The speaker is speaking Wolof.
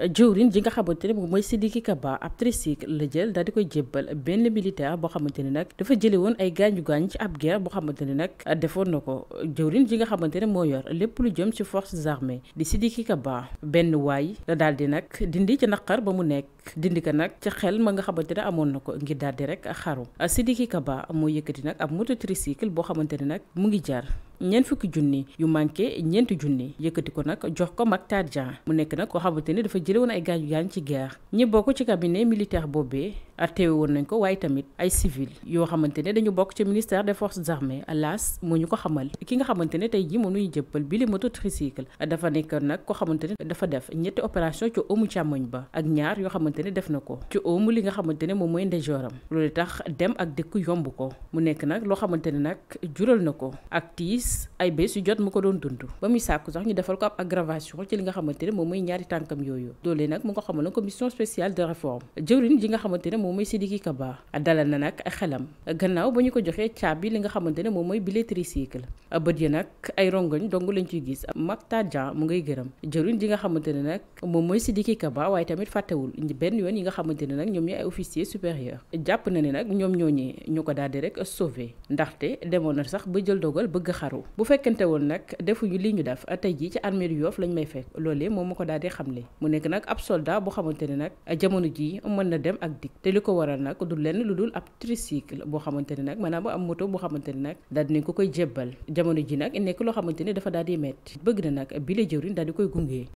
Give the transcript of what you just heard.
jëwrin ji nga xamante ne moom mooy Sidiki Kaba ab tricycle la jël daal di koy jébbal benn militaire boo xamante ne nag dafa jële woon ay gaañu gaañ ci ab guerre boo xamante ne nag defoon na ko jëwrin ji nga xamante ne moo yor lépp lu jëm ci forces armées di Sidiki Kaba benn waay la daal di nag dindi ci naqar ba mu nekk dindi ko nag ca xel ma nga xamante ne amoon na ko ngir daal di rek a Sidiki Kaba moo yëkkati nag ab moto tricycle boo xamante ne nag mu ngi jar ñeent fukki junni yu manqué ñeenti junni yëkkati ko nag jox ko jële woon ay gaañu gaañ ci guerre ñi bokk ci cabinet militaire boobee teewe woon nañ ko waaye tamit ay civil yoo xamante ne dañu bokk ci ministère des forces armées alas moo ñu ko xamal ki nga xamante ne tey ji moom nuy jëppal bi li moto tricycle dafa nekk nag ko xamante ne dafa def ñetti opération ci ëmmu càmmoñ ba ak ñaar yoo xamante ne def na ko ci ëmmu li nga xamante ne moom mooy ndeyjooram loolu tax dem ak dëkk yomb ko mu nekk nag loo xamante ne nag jural na ko ak tiis ay bés yu jot mu ko doon dund ba muy sàkku sax ñu defal ko ab ci li nga xamante ne moom mooy ñaari tànkam yooyu loolee nag mu nga xamal na commission spéciale de réforme jëwriñ ji nga xamante ne moom mooy Sidiki Kaba a na nag xelam ba ko joxee caabi li nga xamante ne moom mooy billet tricycle bët ya nag ay rongoñ dong lañ ciy gis mag Mactar Dia mu ngay gërëm jëwriñ ji nga xamante ne nag moom mooy Sidiki Kaba waaye tamit fàttewul benn yoon yi nga xamante ne nag ñoom ñooy ay officier supérieur jàpp na ne nag ñoom ñooñee ñu ko daal di rek sauvé ndaxte demoon na sax ba jël dogal bëgg xaru bu fekkente woon nag defuñu li ñu def tey jii ci armée yu Yoff lañ may fekk loolee moom ma ko daal di xamle nekk nag ab soldat boo xamante ne nag jamono jii mën na dem ak dikk te li ko waral nag du lenn lu dul ab tricycle boo xamante ne nag maanaam am moto boo xamante ne nag daal dinañ ko koy jébbal jamono ji nag nekk loo xamante ne dafa daal di métti bëgg na nag bi la jëwriñ daal di koy gunge